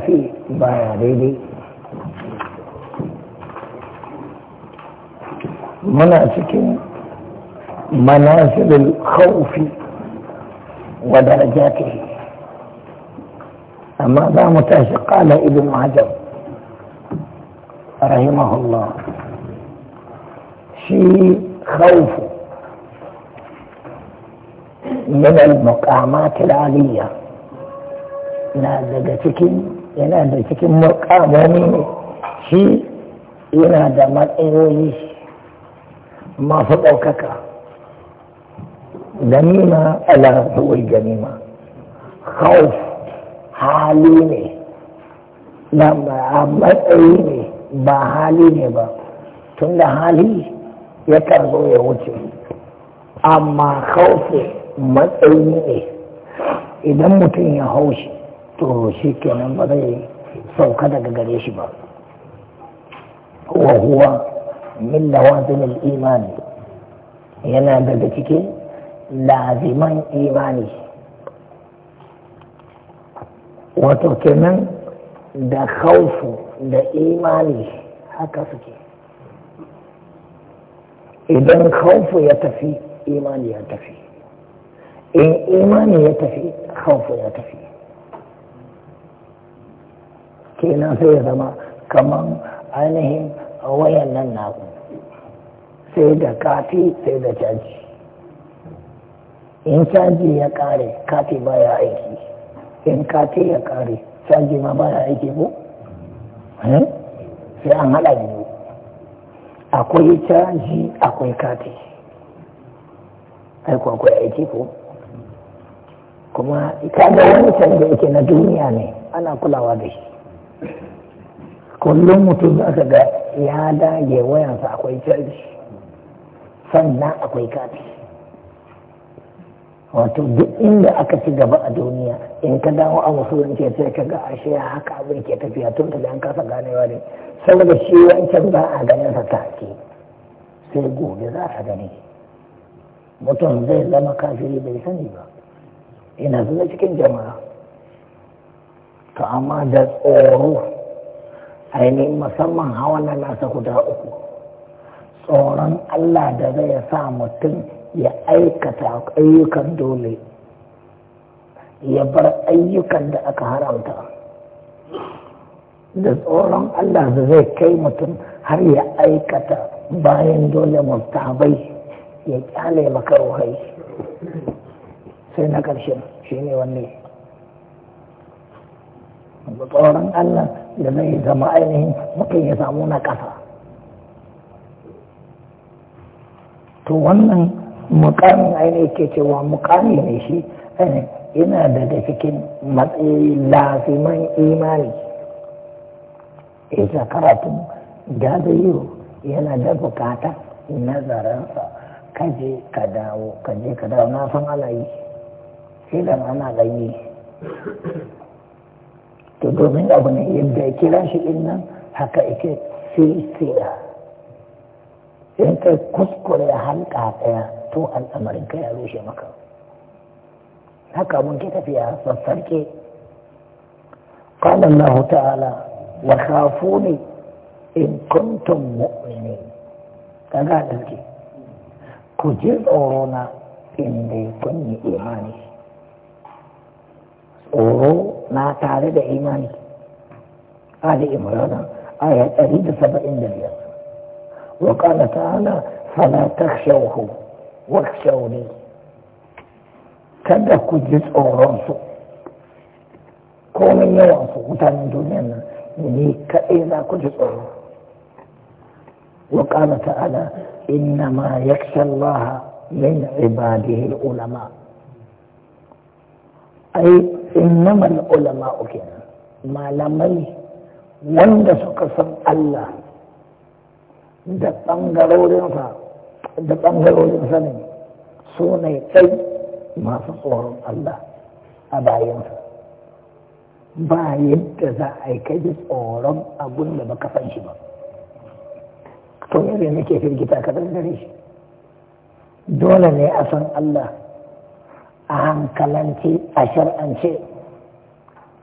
في بارد مناسك منازل الخوف ودرجاته أما ذا متاشق قال ابن عجب رحمه الله في خوف من المقامات العالية نازقتكم yana da cikin mukamani ne shi yana da matsayoyi masu ɗaukaka ganima ala zuwai ganima khawf hali ne na matsayi ne ba hali ne ba tun da hali ya zo ya wuce amma khawfi matsayi ne idan mutum ya haushi to shi kenan ba zai sauka daga gare shi ba wahuwa min lawazimil imani yana daga cikin laziman imani wato kenan da khaufu da imani haka suke idan khaufu ya tafi imani ya tafi in imani ya tafi khaufu ya tafi kenan sai ya zama kamar ainihin wayan nan naku sai da kati sai da caji in caji ya kare kati baya aiki in kati ya kare caji ma baya aiki ko eh? sai an hada biyu akwai caji akwai kati aiko akwai aiki ko kuma kaga wani canje yake na duniya ne ana kulawa da shi kullum mutum za ka ga ya dage wayansa akwai caji sannan akwai kati wato duk inda aka ci gaba a duniya in ka dawo a wasu ce sai ka ga ashe haka abin ke tafiya tun da an kasa ganewa ne saboda shi wancan ba a ganin sa take sai gobe za ka gani mutum zai zama kafiri bai sani ba ina zuwa cikin jama'a to amma da tsoro ainihin musamman hawa na nasa guda uku tsoron Allah da zai sa mutum ya aikata ayyukan dole ya bar ayyukan da aka haramta da tsoron Allah da zai kai mutum har ya aikata bayan dole mustahabai ya kyale ruhai sai na ƙarshen shi ne wanne tsoron Allah da zai zama ainihin mutum ya samu na ƙasa to wannan mukamin ainihin ke cewa mukami ne shi yana daga cikin matsayi lafiman imani isa eh, karatun gazayiyo yana da bukata nazarinsa kaje ka dawo kaje ka dawo na san ana yi sai ana ganye. to domin abu ne yadda ya kira shi in nan haka ike filistina in ka kuskure halka ya to al'amarin ka ya rushe maka haka mun ke tafiya sassarke kwanan na hutu ala wa kafu in kuntun mu'mini ta ga ɗauke ku ji tsoro na in dai kun imani وهو ما تعرض إيمانه هذه إمرانة آية أريد سبعين دليل وقال تعالى فلا تخشوه واخشوني كده كل جزء رمسه كون يوانسو وتان دنيا نيكا إذا كل جزء وقال تعالى إنما يخشى الله من عباده العلماء أي innama ulama uke malamai wanda suka san Allah da ɓangarorinsa da ɓangarorinsa ne su ne kai masu tsoron Allah a bayansa ba yadda za a yi kaji tsoron abun da baka san shi ba to yare nake firgita ka dare shi dole ne a san Allah a hankalance a shar'ance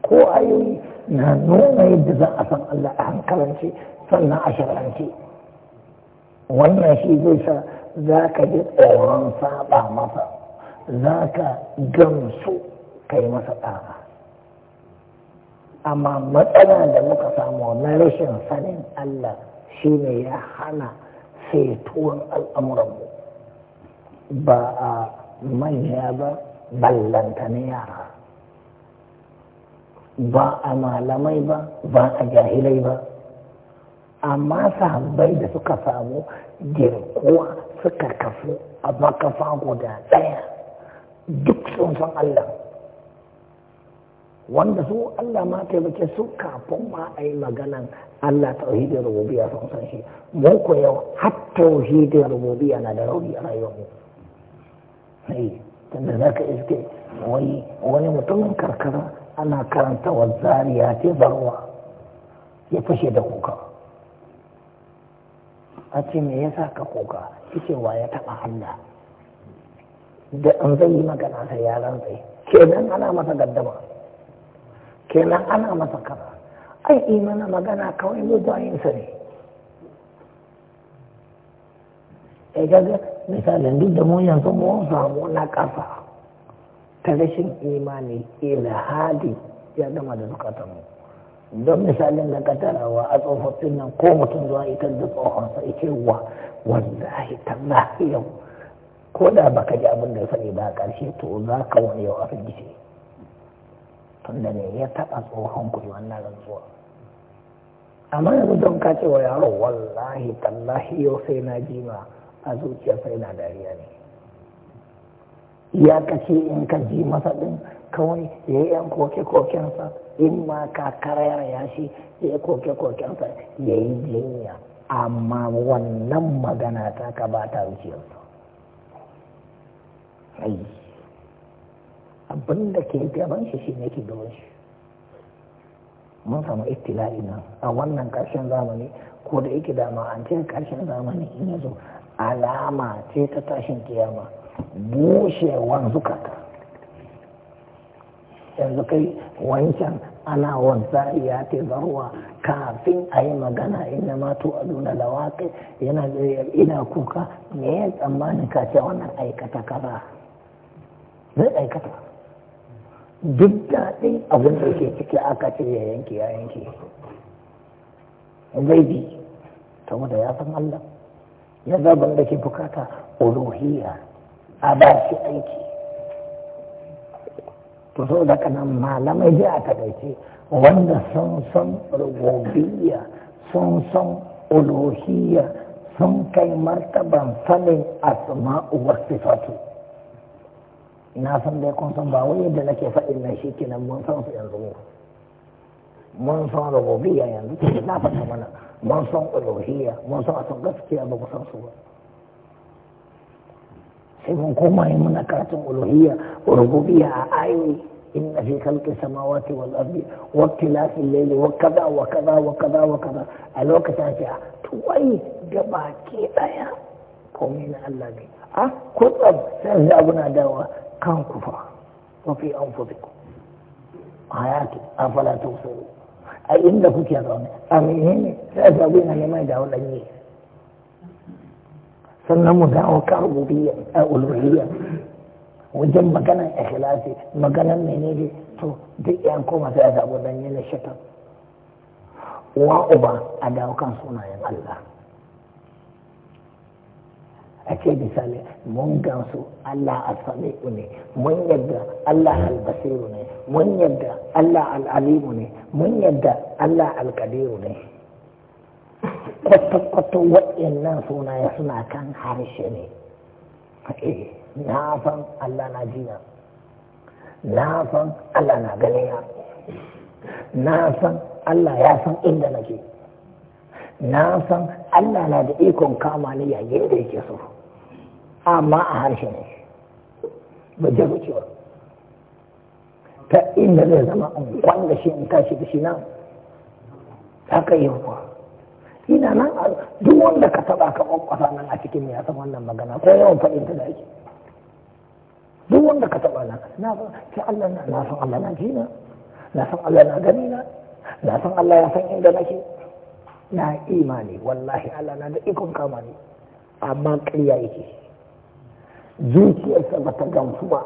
ko ayoyi na nuna yadda za a san Allah a hankalance sannan a shar'ance wannan shi zai sa za ka ji tsoron saba masa za ka gamsu ka yi masa ɗa'a amma matsala da muka samu na rashin sanin Allah shi ne ya hana fetuwar al'amuranmu ba a manya ba ballanta ne yara ba a malamai ba ba a jahilai ba amma sahabbai da suka samu girkuwa suka kafu a makafa guda ɗaya duk sun san Allah wanda su Allah ma taimake su kafin ma a yi maganan Allah tauhidin rububiya sun san shi mu ko yau har tauhidin rububiya na da rauni a rayuwa mu tunda za ka iske wani mutumin karkara ana karanta wa zariya ce barwa ya fashe da kuka a ce me yasa ka kuka ce wa ya taɓa Allah da an zai yi magana sai ya rantsai kenan ana masa gaddama kenan ana masa kaza ai imana magana kawai mu bayin sa ne ya eh, misalin duk da mu yanzu mu samu na ƙasa ta rashin imani ilhadi ya gama da zukatan mu don misalin da ka tarawa a tsofaffin nan ko mutum zuwa ita da tsohonsa ike wa wallahi tallahi yau ko da baka ji abin da ya faɗi ba ƙarshe to za ka wani yau a firgice tunda ne ya taɓa tsohon kuri wannan rantsuwa amma yanzu don ka ce wa yaro wallahi tallahi yau sai na jima a zuciyarsa yana dariya ne ya kace in ka ji masa din kawai ya yi yan koke-kokensa in ma ka karayar ya shi ya yi koke-kokensa ya yi jinya amma wannan magana ta ka ba ta zuciyarsa abin da ke gaban shi shi ne ke gaban shi mun samu iftila'i nan a wannan karshen zamani ko da yake dama an ce karshen zamani in ya zo alama ce ta tashin kiyama bushewan zukata yanzu kai wancan ana wanza ya te zarwa kafin a yi magana inda mato a duna lawaƙi yana ina kuka me ya tsammanin ka wannan aikata kaza zai aikata duk daɗi abin da ke ciki aka ce ya yanke ya yanke zai bi saboda ya san Allah ya zaɓa da ke bukata uluhiyya a ba shi aiki to so da kanan malamai ji a takaice wanda sun san rububiyya sun san uluhiyya sun kai martaban sanin asma'u uwar sifatu na san dai kun san ba wani yadda nake faɗin na shi kenan mun san su yanzu mun san rububiyya yanzu ke na faɗa mana ah, mun uluhiyya mun san gaskiya ba san su ba sai mun koma yi muna karatun uluhiyya rububiyya a ayoyi إن في خلق السماوات والأرض واختلاف الليل وكذا وكذا وكذا وكذا الوقت أشياء توي جباكي أيا قومين الله بي أه كتب سنزابنا وفي أنفسكم آياتي أفلا تبصرون a inda kuke zaune a menene sai ta gwi na neman dawo yi sannan mu dawo ka rububiyya a ulwiyya wajen maganan ikhlasi maganan menene to duk yan koma sai ga gwi yi na shatan uwa uba a dawo kan sunayen Allah ake misali mun gansu Allah al-sami'u ne mun yadda Allah al-basiru ne mun yadda Allah al-alimu ne mun yadda Allah al-qadiru ne kwata-kwata waɗannan sunaye suna kan harshe ne eh, na san Allah na jiya na san Allah na ganiya na san Allah ya san inda nake na san Allah na da ikon kama ni yayin da yake so amma a harshe ne ba je wucewa ta inda zai zama in kwanda shi in tashi da shi nan ka yi kuwa ina nan a, duk wanda ka taba ka kwakwasa nan a cikin ya san wannan magana ko yawan faɗin ta da ake duk wanda ka taba nan na san ki Allah na na san Allah na ji na na san Allah na gani na na san Allah ya san inda nake na imani wallahi Allah na da ikon kama ne amma ƙarya yake zuciyarsa ba ta gamsu ba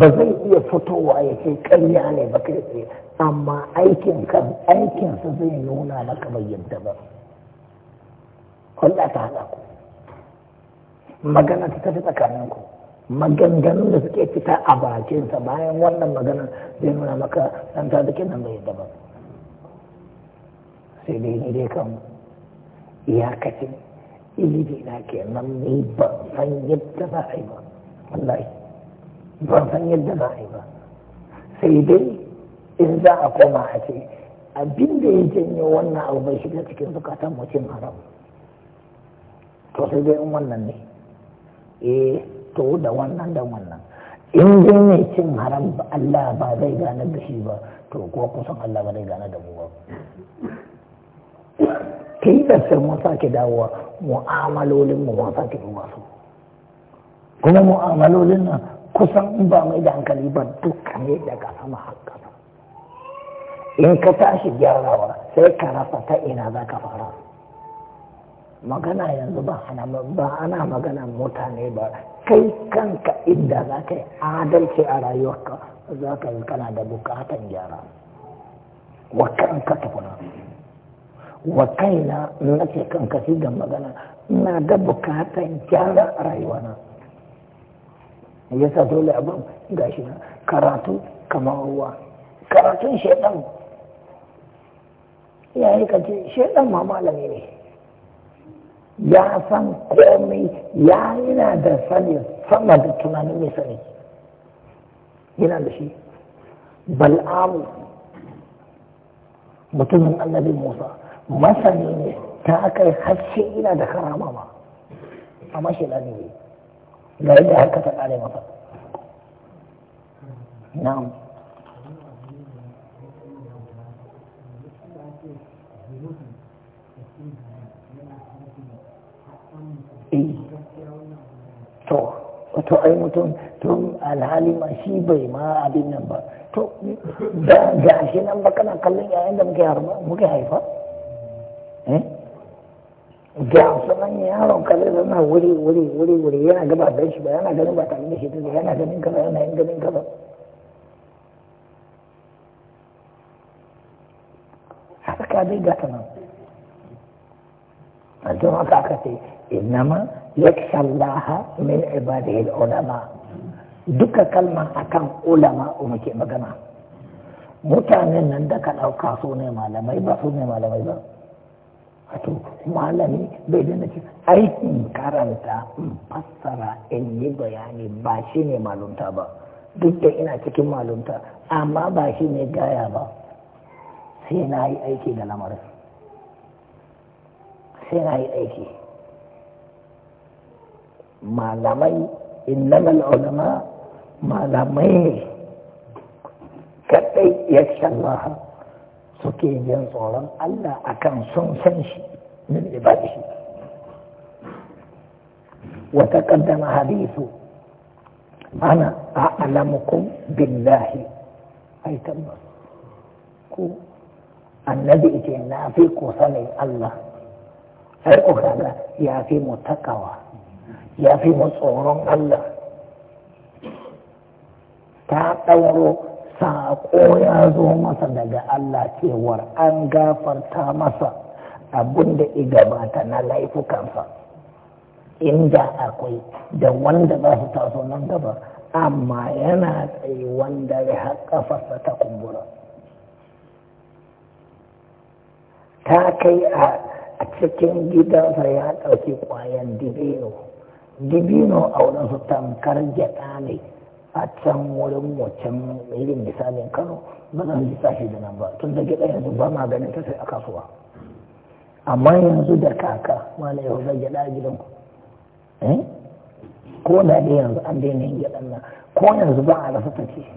zai iya fitowa ya ce karya ne ba kai tsaye amma aikinsa zai nuna maka bai yadda ba hulɗa haɗa ku magana ta tafi tsakanin ku maganganun da suke fita a bakinsa bayan wannan magana zai nuna maka ɗan ta zuke nan bai yadda ba sai dai ni dai kan iyakacin ilimi na kenan ne ban san yadda za a yi ba wallahi ban san yadda za a yi ba sai dai in za a koma a ce abin da ya janyo wannan abu bai shiga cikin zukatan mutum haram to sai dai in wannan ne eh to da wannan da wannan in dai ne cin haram Allah ba zai gane da shi ba to ko kusan Allah ba zai gane da mu ba yi sai mun sake dawowa mu'amalolin mu mun sake duba su kuma mu'amalolin nan kusan in ba mai da hankali ba duka ne daga sama haka in ka tashi gyarawa sai ka rasa ta ina za ka fara magana yanzu ba ana magana mutane ba kai kanka inda za ka yi adalci a rayuwarka za ka yi kana da bukatan gyara wa kanka tafi wa kaina na ke kan kasi ga magana na da bukatan gyara a rayuwana sa dole abin shi na karatu kamar ruwa karatun shaidan ya yi kace shaidan ma malami ne ya san komai ya yana da sani sama da tunanin mai sani yana da shi bal'amu mutumin annabi musa masani ne ta kai haske ina da karama ma a mashi lalini ga yadda haka ta kare masa na'am to to ai mutum tun alhali ma shi bai ma abin nan ba to da gashi nan ba kana kallon yayin da muke haifa Eh? ga sanan yaron kare zai zana wuri wuri wuri wuri yana gaba da shi ba yana ganin ba tare da shi ta yana ganin kaba yana yin ganin kaza haka dai ga sanan a don haka aka ce innama yaksha Allah min ibadihi ulama duka kalma akan ulama muke magana mutanen nan da ka dauka su ne malamai ba su ne malamai ba wato malami bai dana ce aikin karanta mm, fassara in yi bayani ba shi ne malumta ba duk da ina cikin malumta amma ba shi ne gaya ba sai na yi aiki da lamarin sai na yi aiki malamai innamal ulama malamai ne kaɗai ya shallaha suke jin tsoron Allah akan son san shi min ibadihi Wata taqaddama hadithu ana a'lamukum billahi ai tabbas ku annabi ke na fi ku sanin Allah ai ku kaga ya fi mu takawa ya fi mu tsoron Allah ta ɗauro saƙo ya zo masa daga Allah cewar an gafarta masa abin da gabata na laifukansa inda akwai da wanda za su taso nan gaba amma yana tsaye wanda ya haƙafarsa ta kumbura ta kai a cikin gidansa ya ɗauki ƙwayan dibino dibino a su tamkar gyaɗa ne a can wurin wancan irin misalin kano ba za su sashi da nan ba tun da gida yanzu ba ma ganin ta sai a kasuwa amma yanzu da kaka wani yau zai gida a ku, eh? ko da dai yanzu an daina yin gidan nan ko yanzu ba a rasa ta take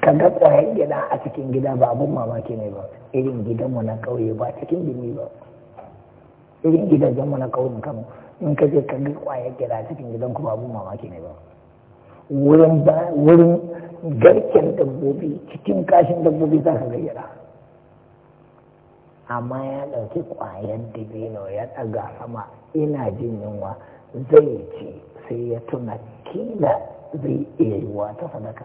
ka ga ƙwayar gida a cikin gida ba abun mamaki ne ba irin mu na ƙauye ba cikin gini ba irin mu na ƙauyen kano in ka je ka ga ƙwayar gida a cikin gidan kuma abun mamaki ne ba wurin ba wurin garken dabbobi cikin kashin dabbobi za ka gayyara amma ya ɗauki ƙwayar dibino ya ɗaga sama ina jin yunwa zai ce sai ya tuna kila zai iya yiwa ta sadaka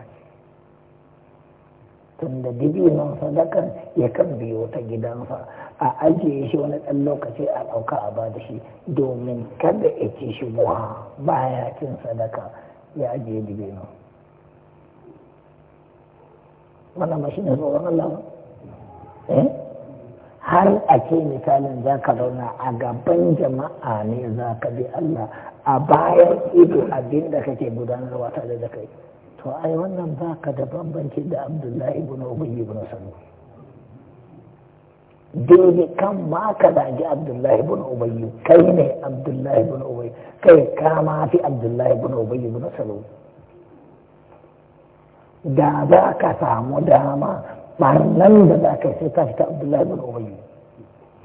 tun da dibinon sadakar ya kan biyo ta gidansa a ajiye shi wani ɗan lokaci a ɗauka a ba da shi domin kada ya ci shi buha baya cin sadaka ya ajiye wannan ba shi ne eh? har a ke misalin za ka zauna a gaban jama'a ne za ka bi Allah a bayan ido abin da kake gudanarwa tare da kai to ai wannan ba ka da bambanci da abdullahi ibn ubayy ibn salul daidai kan ma ka zagi abdullahi bin ubayyu kai ne abdullahi bin ubayyu kai ka ma fi abdullahi bin ubayyu bin salo da za ka samu dama barnan da za ka sai ka fita abdullahi bin ubayyu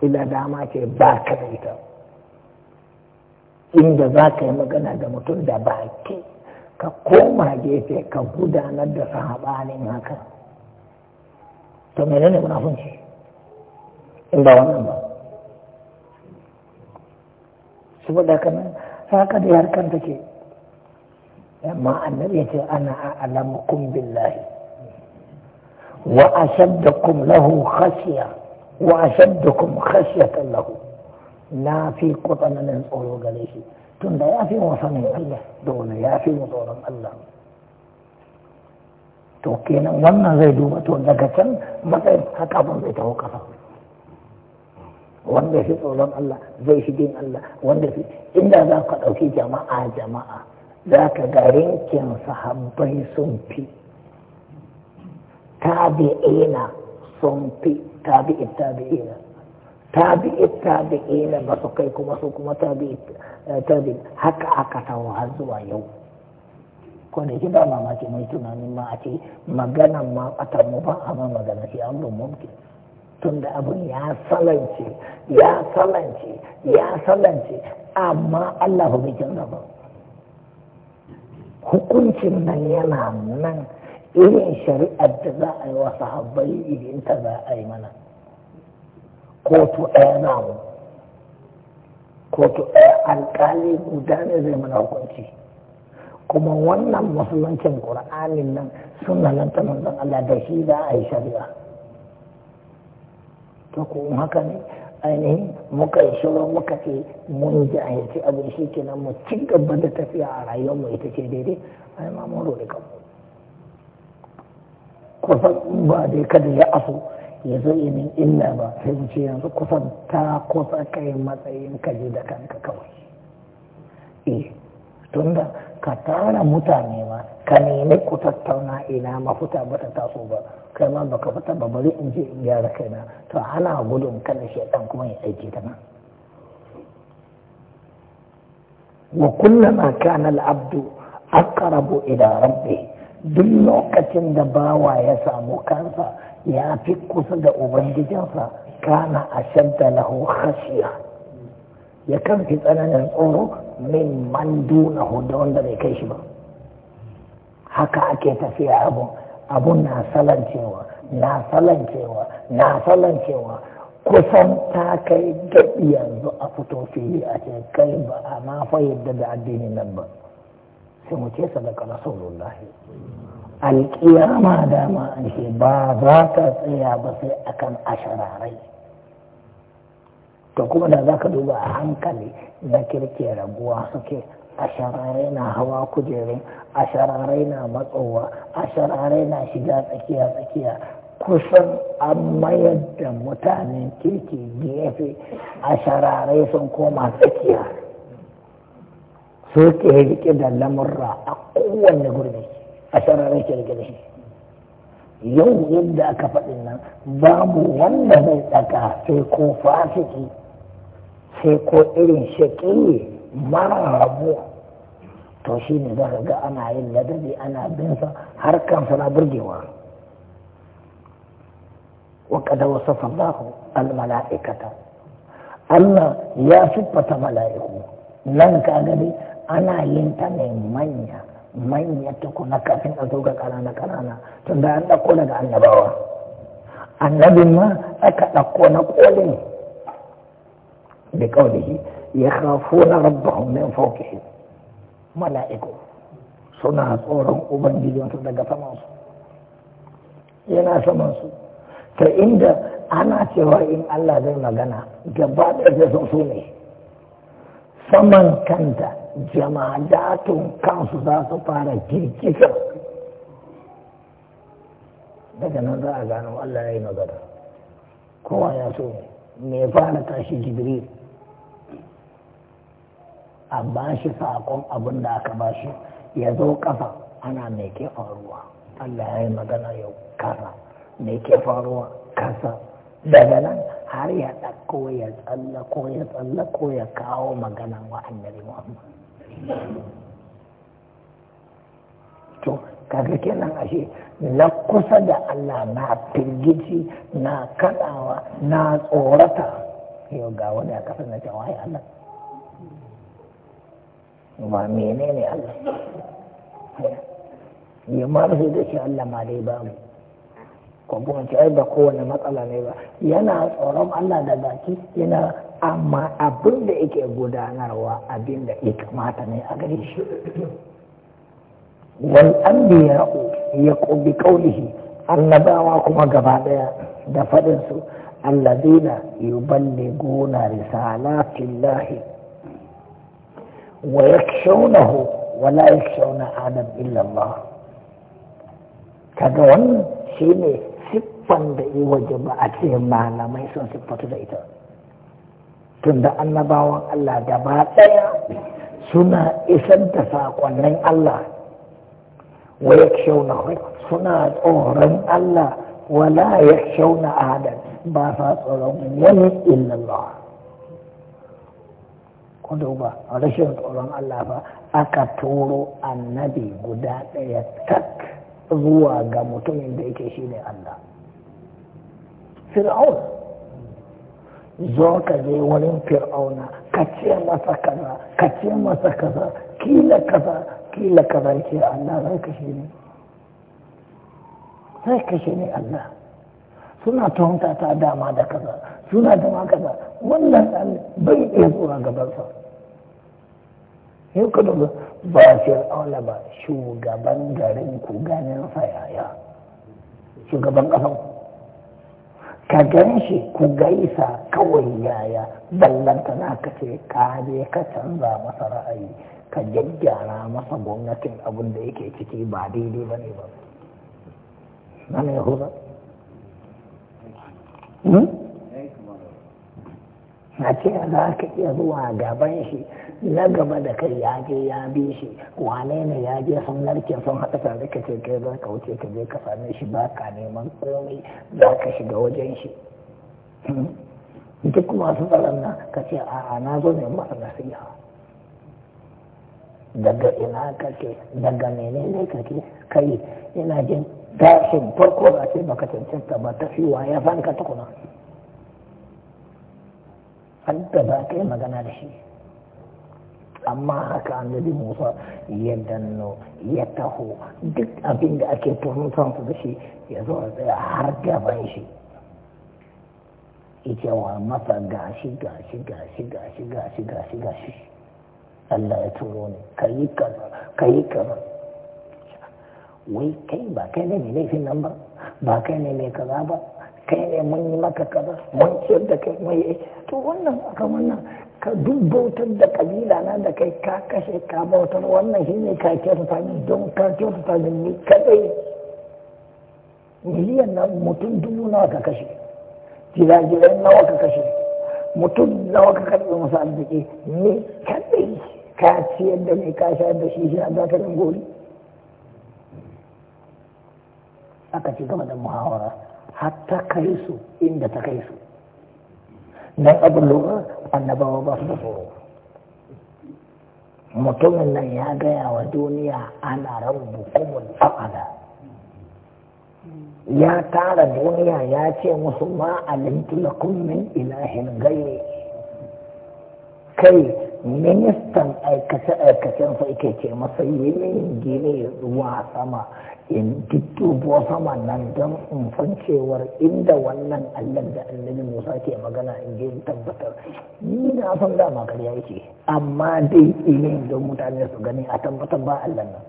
ila dama ce ba ka da ita inda za ka yi magana da mutum da ba ke, ka koma gefe ka gudanar da sahabanin haka to menene munafunci in ba wannan ba saboda kana haka da harkar take amma annabi ya ce ana a'lamukum billahi wa ashaddakum lahu khashiya wa ashaddakum khashiyatan lahu na fi kwatsanin tsoro gare shi tun da ya fi mu sanin Allah dole ya fi mu tsoron Allah to kenan wannan zai duba to daga can matsayin haka abin zai taho kasa wanda shi tsoron Allah zai shi gin Allah wanda shi inda za ka ɗauki jama'a jama'a za ka ga rinkin sahabbai sun fi tabi'ina sun fi tabi'in tabi'ina tabi'in tabi'ina ba su kai kuma su kuma tabi'in haka aka tawo har zuwa yau ko da ba mamaki mai tunanin ma a ce maganan ma ƙatar mu ba a ma magana shi an ba mumkin tunda abin ya salance ya salance ya salance amma Allah bai gaba ba hukuncin nan yana nan irin shari'ar da za a yi wa sahabbai idan ta za a yi mana kotu ɗaya za mu kotu ɗaya alƙali guda ne zai mana hukunci kuma wannan musuluncin ƙura'anin nan suna nan manzon Allah da shi za a yi shari'a ko haka ne ainihin muka yi shiru muka ce mun ji a abin shi nan mu ci gaba da tafiya a rayuwar mu ita ce daidai ai mun roɗe kanmu kusan ba dai kada ya aso ya zo yi min illa ba sai mu ce yanzu kusan ta kusa kai matsayin kaji da kanka kawai eh tunda ka tara mutane ma ka nemi ku tattauna ina mafuta ba ta taso ba kai ma baka fita ba bari in je in gyara kaina to ana gudun kada shaitan kuma ya aike ta ma wa kullama kana al-abdu aqrabu ila rabbih duk lokacin da bawa ya samu kansa ya fi kusa da ubangijinsa kana ashadda lahu khashiya ya kan fi tsananin tsoro min man duna da wanda bai kai shi ba haka ake tafiya abu abu na cewa na salancewa na kusan ta kai gaɓi yanzu a fito fili a ce kai ba a ma da addinin nan ba sai mu ce sadaka rasulullahi alƙiyama dama an ba za ta tsaya ba sai akan rai. to kuma da za ka duba a hankali na kirke raguwa suke a shararai na hawa kujeru a shararai na matsowa a shararai na shiga tsakiya-tsakiya kusan an mayar da mutanen kirki gefe a shararai sun koma tsakiya su ke rike da lamurra a kowanne gurbi a shararai ke rike da shi yau yadda aka faɗin nan babu wanda zai tsaka sai ko fasiki sai ko irin shaƙi mara rabu to shi ne za ga ana yin ladabi ana bin sa har kansa na burgewa wa kada wasu fallahu almala'ikata Allah ya siffata mala'iku nan ka gani ana yin ta ne manya manya ta kuna kafin a zo ga ƙanana ƙanana tun da an ɗauko daga annabawa annabin ma aka ɗauko na ƙolin بقوله يخافون ربهم من فوقهم ملائكه suna tsoron ubangijinsu daga samansu yana samansu ta inda ana cewa in Allah zai magana gaba da sun su ne saman kanta jama'atun kansu za su fara girgiza daga nan za'a a gano yai ya yi magana kowa ya so ne fara tashi jibril a ba shi saƙon abin da aka ba shi ya zo ƙafa ana mai ke faruwa Allah ya yi magana yau kasa mai ke faruwa kasa daga nan har ya ɗauko ya tsallako ya tsallako ya kawo magana wa annabi Muhammad to kaga kenan ashe na kusa da Allah na firgici na kaɗawa na tsorata yau ga wani a kasar na cewa ya Allah ma menene Allah ya ma ba da shi Allah ma dai mu ko kuma ce ai ba kowane matsala ne ba yana tsoron Allah da baki yana amma abin da yake gudanarwa abin da ya kamata ne a gare shi wal anbiya'u yaqbi qawlihi annabawa kuma gaba daya da fadin su allazina yuballiguna risalatillahi wa yakshawnahu wa la yakshawna adam illa kaga wannan shine siffan da ya waje ba a ce malamai sun siffatu da ita tunda annabawan Allah da ba tsaya suna isar da saƙonnin Allah wa yakshawnahu suna tsoron Allah wala yakshawna adam ba sa tsoron wani illallah ku duba rashin tsoron Allah ba aka turo annabi guda ɗaya tak zuwa ga mutumin da yake shi ne Allah fir'aun zo ka je wurin fir'auna ka ce masa kaza ka ce masa kaza kila kaza kila kaza ce Allah zai kashe ne zai kashe ne Allah suna taunta ta dama da kaza suna da ma kaza wannan ɗan bai iya tsora gabansa yau ka dubu ba fir'auna ba shugaban garin ku ganin yaya shugaban ƙasan ka gan shi ku gaisa kawai yaya ballanta na ka ce ka je ka canza masa ra'ayi ka jajjara masa gwamnatin abin yake ciki ba daidai ba ne ba na ne Hmm? a ce za ka iya zuwa gaban shi na gaba da kai ya je ya bi shi wane ne ya je sun narke sun haɗa tare ka ce kai za ka wuce ka je ka same shi ba ka neman komai za ka shiga wajen shi hmm? duk masu tsaron nan ka ce a na zo ne masa nasiha daga ina kake daga menene kake kai ina jin tashin farko da ce baka cancanta ba ta fi ya fanka tukuna hadda ba ka yi magana da shi amma haka annabi musa ya danno ya taho duk abin da ake tunu su da shi ya zo a tsaya har bayan shi ita wa masa gashi gashi gashi gashi gashi gashi gashi Allah ya turo ne ka yi kaza ka yi kaza wai kai ba kai ne mai laifin nan ba ba kai ne mai kaza ba kai ne mun yi maka kaza mun ciyar da kai mai to wannan aka wannan ka dubbautar da kabila na da kai ka kashe ka bautar wannan shi ne ka ta ne don ka ta ne ni kadai miliyan na mutum dubu nawa ka kashe jirajirai nawa ka kashe mutum nawa ka karɓi masu arziki ni kadai ka ciyar da ni ka shayar da shi shi a zakarin gori aka ci gaba da muhawara ta kai su inda ta kai su nan abin lura annabawa ba su da tsoro mutumin nan ya gaya wa duniya ana rabu kumul fa'ala ya tara duniya ya ce musu ma alimtu lakum min ilahin gairi kai ministan aikace-aikacen fa ike ce masa yanayin gine ruwa sama in tuttubo sama nan don in fancewar inda wannan allin da annabi musa ke magana in je tabbatar ni na san dama karya yake amma dai ilimin don mutane su gani a tabbatar ba allah nan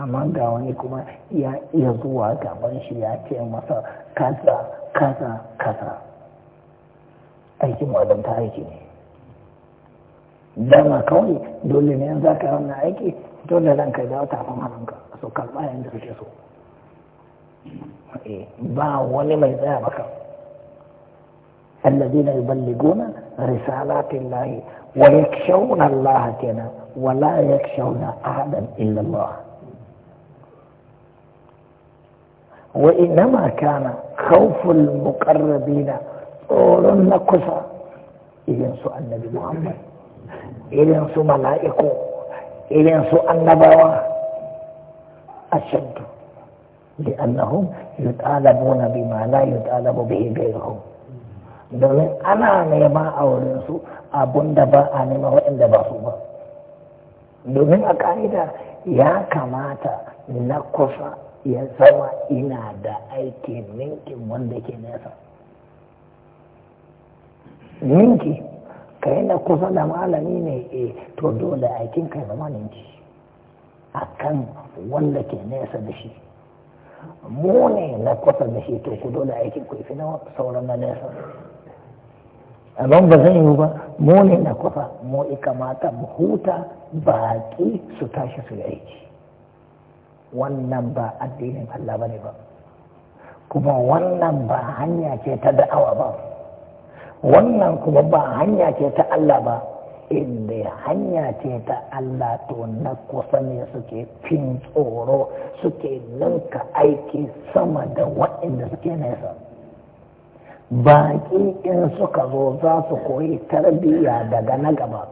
amma ga wani kuma ya iya zuwa gaban shi ya ce masa kaza kaza kaza aikin wadanta aiki ne dama kawai dole ne za ka wannan aiki dole ranka da wata kan halanka su karɓa yadda suke so ba wani mai tsaya maka الذين يبلغون رسالات الله ويخشون الله كنا ولا يخشون أحدا إلا الله وإنما كان خوف المقربين قولوا النقصة إذن سؤال النبي محمد irin su mala'iku irin su annabawa bi لأنهم يطالبون بما لا يطالب به غيرهم domin ana nema a su abun da ba a nema waɗanda ba su ba domin a ƙa'ida ya kamata na kusa ya zama ina da aikin ninkin wanda ke nesa ninki ka na kusa da malami ne e to dole aikin ka zama ne ji a kan wanda ke nesa da shi mu ne na kusa da shi to ku dole aikin ku fi na sauran na nesa a ban ba zai yi ba mu ne na kusa mu ikamata mu huta baƙi su tashi su yi aiki wannan ba addinin Allah bane ba kuma wannan ba hanya ce ta da'awa ba wannan kuma ba hanya ce ta Allah ba inda hanya ce ta Allah to na kusa ne suke fin tsoro suke ninka aiki sama da waɗanda suke nesa baƙi in suka zo za su koyi tarbiyya daga na gaba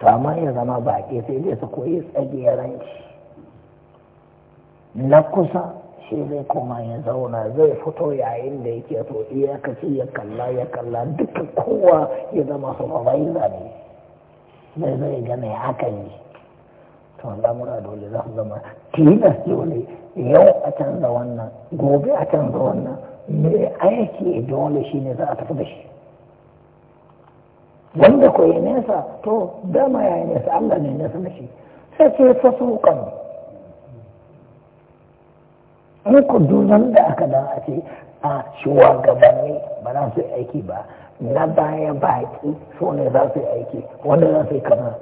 to amma ya zama baƙi sai dai su koyi tsagiyaranci na kusa shi zai koma ya zauna zai fito yayin da yake to kaci ya kalla ya kalla duka kowa ya zama supervisor ne zai zai gane hakan ne to al'amura dole za su zama tilas dole yau a canza wannan gobe a canza wannan me aiki dole shi ne za a tafi da shi wanda ko nesa to dama ya nesa Allah ne nesa da shi sai ce fasukan in ku dunan da aka da a ce a shugabanni ba na su aiki ba na baya baki so ne za su aiki wanda za su yi kama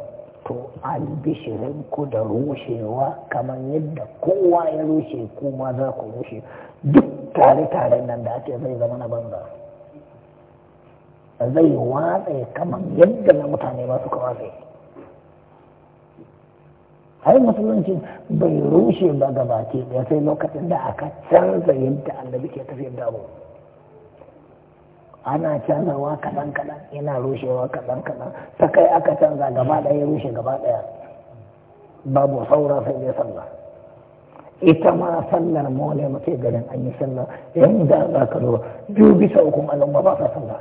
to albishirin ku da rushewa kamar yadda kowa ya rushe kuma za ku rushe duk tare-tare nan da ake zai zama na banza zai watsa kamar yadda na mutane masu kawasai ai musulunci bai rushe ba gabaki ya sai lokacin da aka canza yadda annabi ke tafiyar da abu ana canzawa kaɗan kaɗan yana rushewa kaɗan kaɗan ta kai aka canza gaba ɗaya rushe gaba ɗaya babu saura sai dai sallah ita ma sallar mu muke garin an yi sallah yan da za ka zo biyu bisa uku ba sa sallah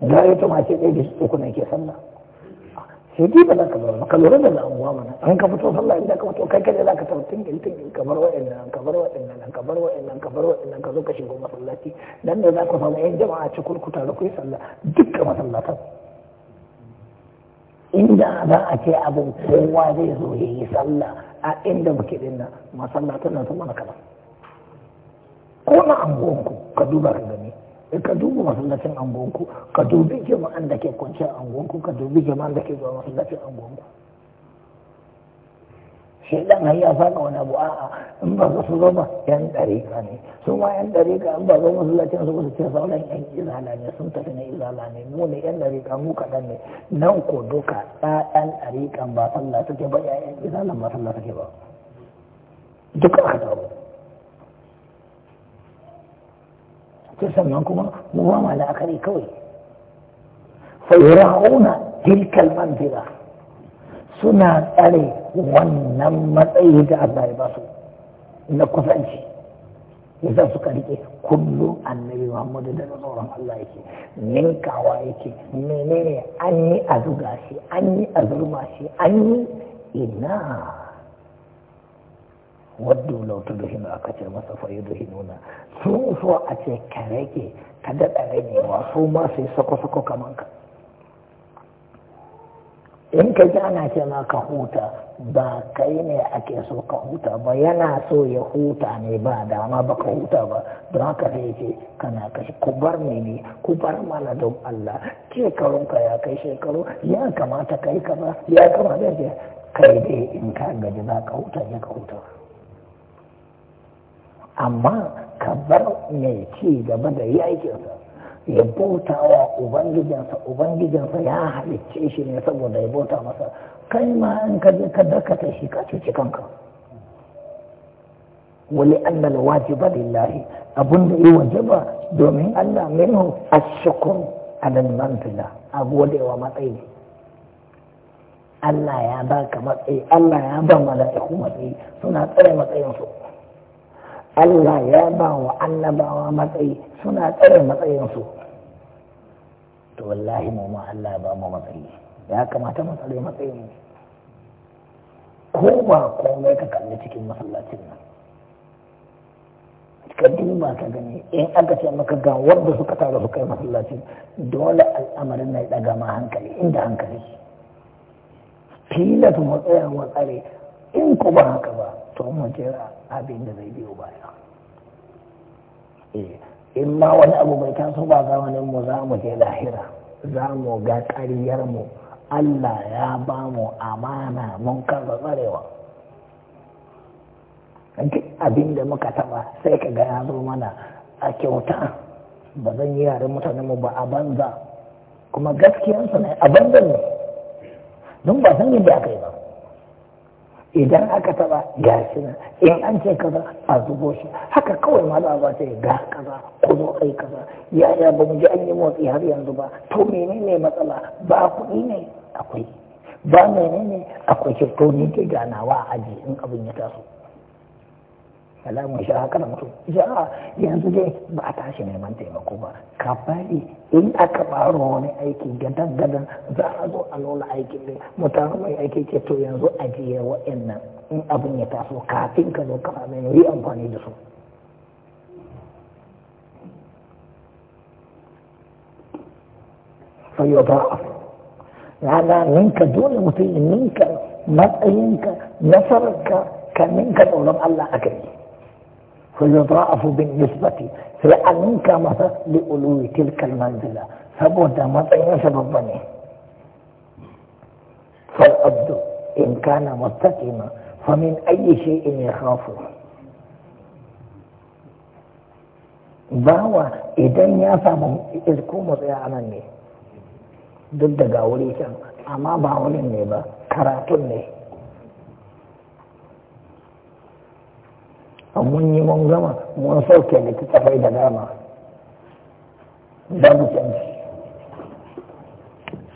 ga ita ma ce ɗaya bisa uku ne ke sallah sai dai ba za ka bar ka lura da damuwa mana an ka fito sallah inda ka fito kai kada za ka tafi tingil tingil ka bar wa'annan ka bar wa'annan ka bar wa'annan ka bar wa'annan ka zo ka shigo masallaci dan ne za ka samu yan jama'a ci kurkuta da kuyi sallah dukkan masallatan inda za a ce abin kowa zai zo ya yi sallah a inda muke din nan masallatan nan sun mana kaza ko na anguwanku ka duba ka gani ka duba masallacin angonku ka dubi jama'an da ke kwanciyar angonku ka dubi jama'an da ke zuwa masallacin angonku shaidan dan ya faɗa wani abu a'a in ba su zo ba yan ɗarika ne su ma yan ɗarika in ba zo masallacin su su ce sauran yan izala ne sun tafi na izala ne mu ne yan ɗarika mu kaɗan ne nan ko duka ɗaɗan ɗarikan ba sallah suke ba 'ya'yan izalan ba sallah suke ba duka aka tabbata sai sannan kuma mu ba ma la'akari kawai fayyara'una tilkal manzila suna tsare wannan matsayi da Allah ya ba su na kusanci yasa suka rike kullu annabi Muhammadu da tsoron Allah yake ninkawa yake menene an yi a zuga shi an yi a zurma shi an yi ina wadda lautu duhinu aka ce masa fayi nuna sun so a ce ka rage ka daɗa ragewa su ma su yi sako-sako kamar ka in ka ji ana ce ma ka huta ba kai ne ake so ka huta ba yana so ya huta ne ba dama ba ka huta ba don haka sai ce kana kashi ku bar ne ne ku bar mana don Allah shekarun ka ya kai shekaru ya kamata kai ka ba ya kamata ya kai dai in ka gaji za ka huta ya ka huta amma ka bar mai ci gaba da yakinsa ya bauta wa ubangijinsa ubangijinsa ya halicce shi ne saboda ya bauta masa kai ma in ka je ka dakata shi ka cuci kanka wani annal wajiba lillahi abun da yi wajiba domin Allah minhu ashukun alal manfila gode wa matsayi Allah ya ba ka matsayi Allah ya ba mala'iku matsayi suna tsare matsayinsu Allah ya ba wa annabawa matsayi suna tsare matsayinsu to wallahi mu ma Allah ba mu matsayi ya kamata mu tsare matsayin mu ko ba komai ka kalli cikin masallacin nan ka duba ka gani in aka ce maka ga wanda suka taru su kai masallacin dole al'amarin na ya daga ma hankali inda hankali tilas mu tsare in ko ba haka ba to mu jira abin da zai biyo baya eh, in ma wani abu bai taso ba zamanin mu za mu je lahira za mu ga ƙaryar mu Allah ya ba mu amana mun karɓa tsarewa duk abin da muka taɓa sai ka ga ya zo mana a kyauta ba zan yi yaren mutanen mu ba a banza kuma gaskiyarsa ne a banza ne don ba san da aka yi ba idan aka taba ga shi nan in an ce kaza a zubo shi haka kawai ma za yi ga kaza ko zo ai kaza ya ba mu ji an yi motsi har yanzu ba to menene matsala ba kuɗi ne akwai ba menene akwai shi to ni ke ganawa a aji in abin ya taso salamun shi haka da mutum ja'a yanzu dai ba a tashi neman taimako ba ka bari in aka baro wani aiki gadan gadan za a zo a nuna aikin ne mutane mai aiki ce to yanzu ajiye wa'annan in abin ya taso kafin ka zo kana mai yi amfani da su Sayo ba a rana ninka dole mutum ninka matsayinka nasararka ka ninka tsoron Allah a kai فيضاعف بالنسبة فأن كما لألو تلك المنزلة سبودا مطعين سببني فالأبد إن كان مستقيما فمن أي شيء يخافه bawa idan ya samu ilko matsaya a nan ne duk daga wuri can amma ba wurin ne ba karatun ne mun yi mun zama mun sauke da fai da dama mu canji